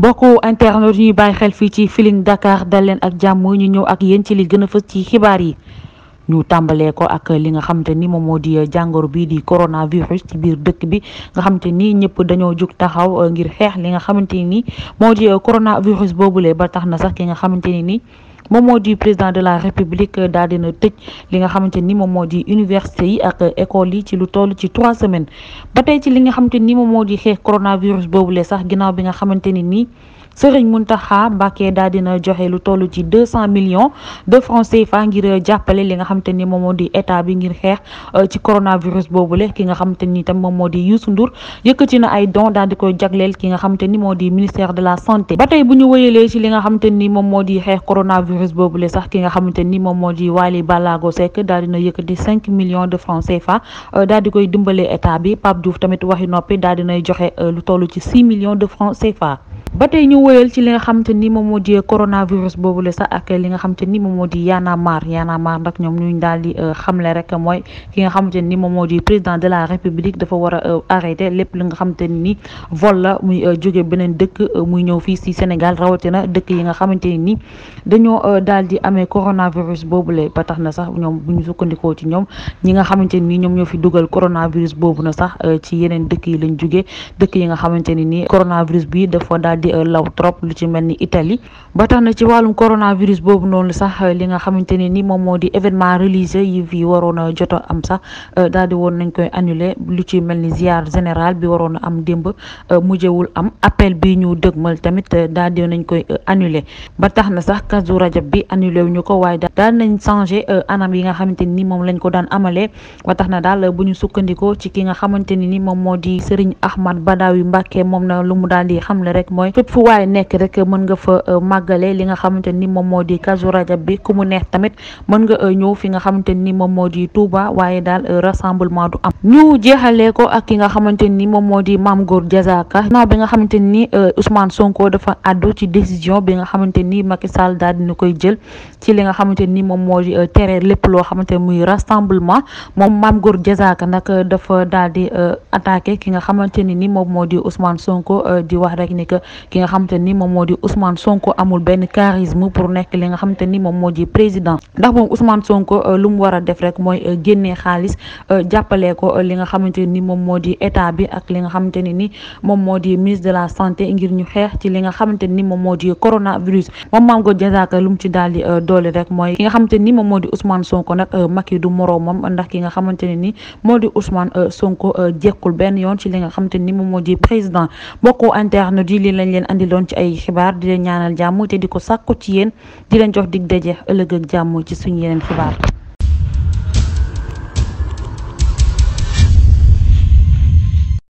mbokku internet yu bàyyi xel fii ci Feeling Dakar dal leen ak jàmm ñu ñëw ak yéen ci li gën a fës ci xibaar yi ñu tàmbalee ko ak li nga xamante ni moom moo di euh, jàngoro bii di coronavirus ci biir dëkk bi nga xam te ni ñëpp dañoo jug taxaw euh, ngir xeex li nga xamante ni moo di euh, coronavirus boobule ba tax na sax ki nga xamante ni. moom moo di président de la république euh, daal dina tëj li nga xamante ni moom moo di université yi ak euh, école yi ci lu toll ci trois semaines ba tey ci li nga xamante ni moom moo di xeex coronavirus boobu le sax ginnaaw bi nga xamante ni nii mun tax Mountakha Mbacké daal dina joxe lu tollu ci deux cent millions de francs CFA ngir jàppale li nga xam te ni moom moo di état bi ngir xeex euh, ci coronavirus boobule ki nga xam te ni tam moom moo di Youssou Ndour yëkkati na ay don daal di koy jagleel ki nga xam te ni moo di ministère de la santé ba tey bu ñu wëyalee ci li nga xam te ni moom moo di xeex coronavirus boobule sax ki nga xamante ni moom moo di Waly Ballago Seck daal dina yëkkati cinq millions de francs CFA euh, daal di koy dimbale état bi Pape Diouf tamit waxi noppi daal dinay joxe euh, lu toll ci six millions de francs CFA ba tey ñu woyal ci li nga xamante ni moom moo di coronavirus boobu la sax ak li nga moo di Y'en a marre Y'en a marre ñoom ñu daal di euh, xamle rek mooy ki nga xamante ni moom moo di président de la république dafa war a euh, arrêté lépp li nga xamante ni vol la muy euh, jóge beneen dëkk muy ñëw fii si Sénégal rawatina dëkk yi nga xamante ni dañoo daal di amee coronavirus boobu la ba tax na sax ñoom bu ñu sukkandikoo ci ñoom ñi nga xamante ni ñoom ñoo fi dugal coronavirus boobu na sax ci yeneen dëkk yi lañ jóge dëkk yi nga xamante ni coronavirus bi dafa daal di euh, law trop lu ci mel ni Italie ba tax na ci wàllum coronavirus boobu noonu sax euh, li nga xamante ne ni moom moo événement religieux yi fi waroon a a am sax euh, daal di nañ koy annulé bi a am démb mujjewul am appel bi ñu dëgmal ba tax na sax kazu rajab bi annulé wu ñu ko waaye daal nañ changé anam yi nga xamante ni moom lañ ko daan amalee ba tax na daal bu ñu ci ki nga xamante ni ni moom moo di Serigne Ahmad Badawi Mbacke moom na lu daal di xamle rek mooy fépp fu waaye nekk rek mën nga fa euh, màggale li nga xamante ni moom moo di kazu rajab bi ku mu neex tamit mën nga euh, ñëw fi nga xamante ni moom moo di Touba waaye daal euh, rassemblement du am ñu jeexalee ko ak ki nga xamante ni moom moo di Mame Gor Diazaka naaw bi nga xamante ni Ousmane Sonko dafa àddu ci décision bi nga xamante ni Macky Sall daal dina koy jël ci li nga xamante ni moom moo di lépp loo xamante muy rassemblement moom Mame Gor Diazaka nag dafa daal di attaqué ki nga xamante ni moom moo di Ousmane Sonko di wax rek ni ki nga xamante ni moom moo di Ousmane Sonko amul benn charisme pour nekk li nga xamante ni moom moo di président ndax moom Ousmane Sonko euh, lu mu war a def rek mooy euh, génnee xaalis euh, jàppale ko li nga xamante ni moom moo di état bi ak li nga xamante ni ni moom moo di ministre de la santé ngir ñu xeex ci li nga xamante ni moom moo di coronavirus moom maam go jazaaka lu mu ci daal di doole rek mooy ki nga xamante ni moom moo di Ousmane Sonko nag Macky du moroomam ndax ki nga xamante ne ni moo di Ousmane Sonko jekkul benn yoon ci li nga xamante ni moom moo di président mbokku interne di lañ leen andiloon ci ay xibaar di leen ñaanal jàmm te di ko sàkku ci yéen di leen jox dig daje ëllëg ak jàmm ci suñu yeneen xibaar